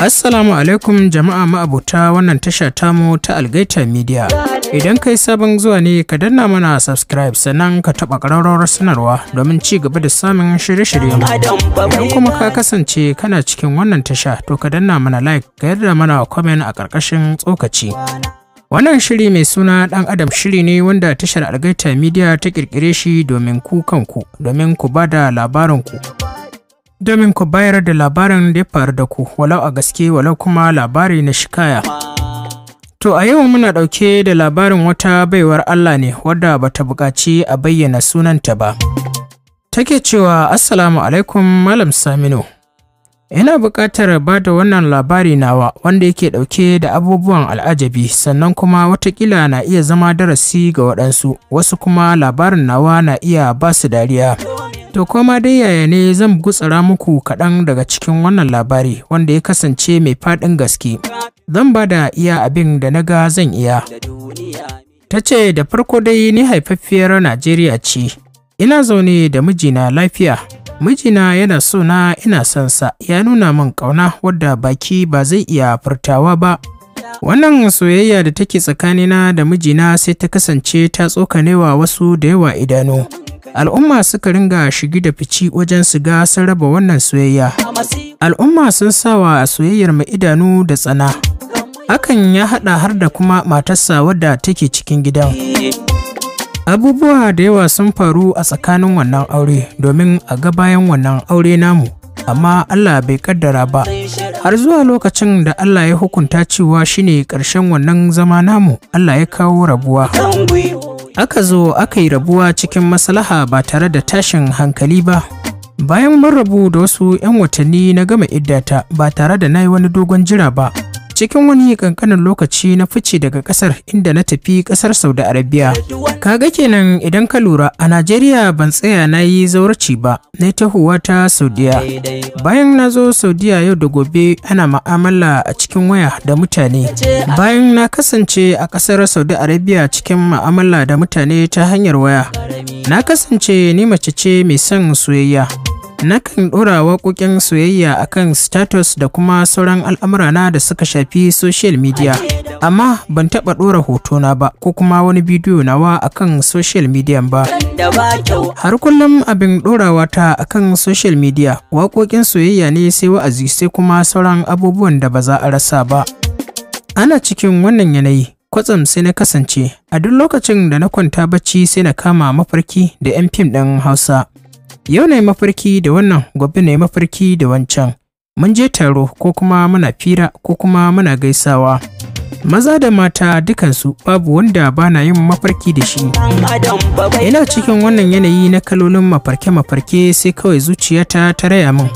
Assalamu alaikum jama'a ma'abuta wannan tasha tamu ta Algaita Media. Idan kai sabon zuwa ne ka danna mana subscribe sannan ka taɓa ƙararrawar sanarwa domin ci gaba da samun shirye shirye Idan kuma ka kasance kana cikin wannan tasha to ka danna mana like ka yarda mana comment a ƙarƙashin tsokaci. Wannan shiri mai suna ɗan Adam shiri ne wanda tashar Algaita Media ta ƙirƙire shi domin ku kanku domin ku ba da labarinku. domin ku bayar da labarin da ya faru da ku walau a gaske walau kuma labari na shikaya. To a yau muna ɗauke da labarin wata baiwar Allah ne wadda ba ta buƙaci a bayyana sunanta ba. Take cewa Assalamu alaikum Malam Saminu. Ina buƙatar ba da wannan labari nawa wanda yake ɗauke da abubuwan al'ajabi sannan kuma watakila na iya zama darasi ga waɗansu wasu kuma labarin nawa na iya ba su dariya. To koma dai yaya ne zan gutsara muku kaɗan daga cikin wannan labari wanda ya kasance mai faɗin gaske. Zan ba da iya abin da na ga zan iya. Ta ce da farko dai ni haifaffiyar Najeriya ce, ina zaune da mijina lafiya. Mijina yana so na ina sansa ya nuna min ƙauna wadda baki ba zai iya furtawa ba. Wannan soyayya da take tsakanina da mijina sai ta kasance ta tsokanewa wasu da yawa idanu. Al'umma suka ringa shigi da fici wajen su ga sun raba wannan soyayya. Al'umma sun sawa soyayyar mai idanu da tsana. Hakan ya haɗa har da kuma matarsa wadda take cikin gidan. Abubuwa da yawa sun faru a tsakanin wannan aure domin a ga bayan wannan aure namu, amma Allah bai kaddara ba. Har zuwa lokacin da Allah ya hukunta cewa shine ƙarshen wannan zama namu, Allah ya kawo rabuwa. aka zo aka yi rabuwa cikin maslaha ba tare da tashin hankali ba bayan mun rabu da wasu 'yan watanni na gama iddata ba tare da na yi wani dogon jira ba cikin wani kankanin lokaci na fice daga kasar inda na tafi kasar saudi arabia kaga kenan idan ka lura a najeriya ban tsaya na yi zauraci ba na yi tahowa ta saudiya bayan na zo saudiya yau da gobe ana ma'amala a cikin waya da mutane bayan na kasance a kasar saudi arabia cikin ma'amala da mutane ta hanyar waya na kasance ni mace ce mai son soyayya Nakan ɗora waƙoƙin soyayya akan status da kuma sauran al'amurana da suka shafi social media, amma ban taɓa ɗora hotona ba ko kuma wani bidiyo nawa akan social media ba. Har kullum abin ɗorawa ta akan social media waƙoƙin soyayya ne sai wa'azi sai kuma sauran abubuwan da ba za a rasa ba. Ana cikin wannan yanayi. kwatsam sai na kasance a duk lokacin da na kwanta bacci sai na kama mafarki da 'yan fim ɗin hausa Yau na yi mafarki da wannan, gobe na yi mafarki da wancan. Mun je taro ko kuma muna fira ko kuma muna gaisawa. Maza da mata dukansu babu wanda ba na yin mafarki da shi. Ina cikin wannan yanayi na kalolin mafarke-mafarke sai kawai zuciyata ta raya min.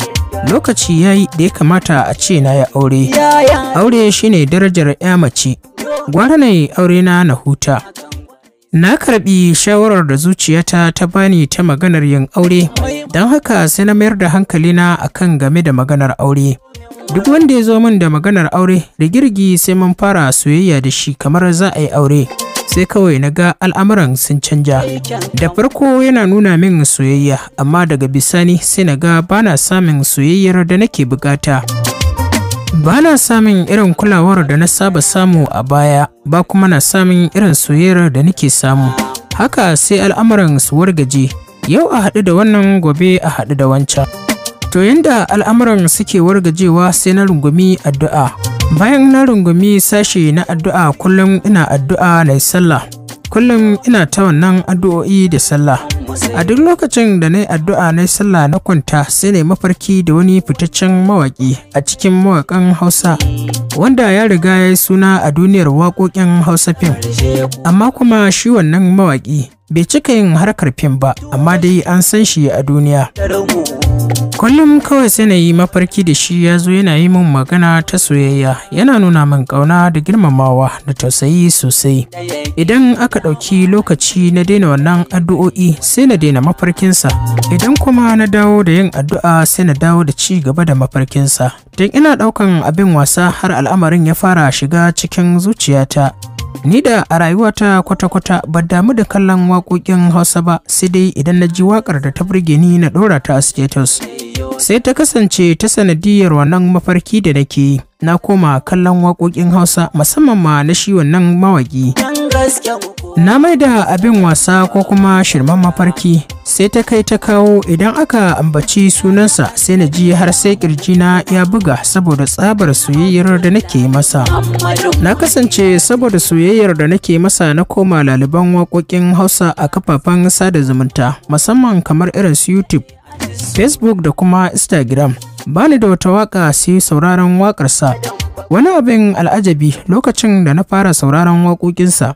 Lokaci ya yi da ya kamata a ce na ya aure. Aure shine darajar 'ya mace. Gwara na aure na na huta. Na karbi shawarar da zuciyata ta bani ta maganar yin aure, don haka sai na mayar da hankalina a kan game da maganar aure. Duk wanda ya zo min da maganar aure da girgi sai mun fara soyayya da shi kamar za a yi aure. Sai kawai na ga al'amuran sun canja. Da farko yana nuna min soyayya, amma daga bisani sai na ga bana samun soyayyar da nake bukata. Ba na samun irin kulawar da na saba samu a baya, ba kuma na samun irin soyayyar da nake samu. Haka sai al'amuran su wargaje, yau a haɗu da wannan gobe a haɗu da wancan. To yanda al'amuran suke wargajewa sai na rungumi addu'a. Bayan na rungumi sashi na addu'a kullum ina addu'a na sallah. Kullum ina ta wannan addu'o'i da sallah. A duk lokacin da na yi addu'a na sallah na kwanta sai na mafarki da wani fitaccen mawaƙi a cikin mawaƙan Hausa wanda ya riga ya yi suna a duniyar waƙoƙin Hausa fim. Amma kuma shi wannan mawaƙi bai cika yin harkar fim ba, amma dai an san shi a duniya. kullum kawai sai na yi mafarki da shi ya zo yana yi min magana ta soyayya yana nuna min ƙauna da girmamawa da tausayi sosai idan aka ɗauki lokaci na daina wannan addu'o'i sai na daina mafarkinsa idan kuma na dawo da yin addu'a sai na dawo da ci gaba da mafarkinsa tun ina ɗaukan abin wasa har al'amarin ya fara shiga cikin zuciyata Ni da a rayuwata kwata-kwata ba damu da kallon waƙoƙin Hausa ba sai dai idan na ji waƙar da ta burge ni na ɗora ta a status. sai ta kasance ta sanadiyar wannan mafarki da nake na koma kallon waƙoƙin hausa musamman ma na shi wannan mawaƙi na mai da abin wasa ko kuma shirman mafarki sai ta kai ta kawo idan aka ambaci sunansa sai na ji har sai na ya buga saboda tsabar soyayyar da nake masa na kasance saboda soyayyar da nake masa na koma laliban waƙoƙin hausa a kafafen sada zumunta musamman kamar irin su youtube facebook da kuma instagram bani da wata waka sai sauraron wakarsa wani abin al'ajabi lokacin da na fara sauraron waƙoƙinsa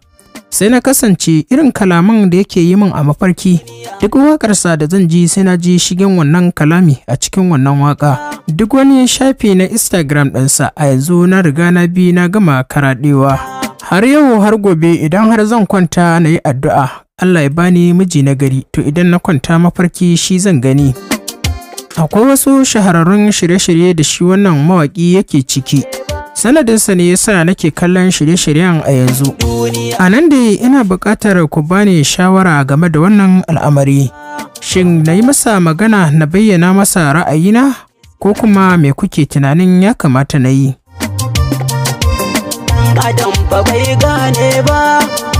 sai na kasance irin kalaman da yake yi min a mafarki duk wakarsa da zan ji sai na ji shigen wannan kalami a cikin wannan waka duk wani shafi na instagram ɗinsa a yanzu na riga na bi na gama karaɗewa. har yau har gobe idan har zan kwanta na yi addu'a Allah ya bani miji na gari to idan na kwanta mafarki shi zan gani akwai wasu shahararrun shirye-shirye da shi wannan mawaƙi yake ciki sanadinsa ne yasa nake kallon shirye-shiryen a yanzu a nan dai ina buƙatar ku bani shawara game da wannan al'amari shin na yi masa magana na bayyana masa ra'ayina ko kuma me kuke tunanin ya kamata na yi adam ba bai gane ba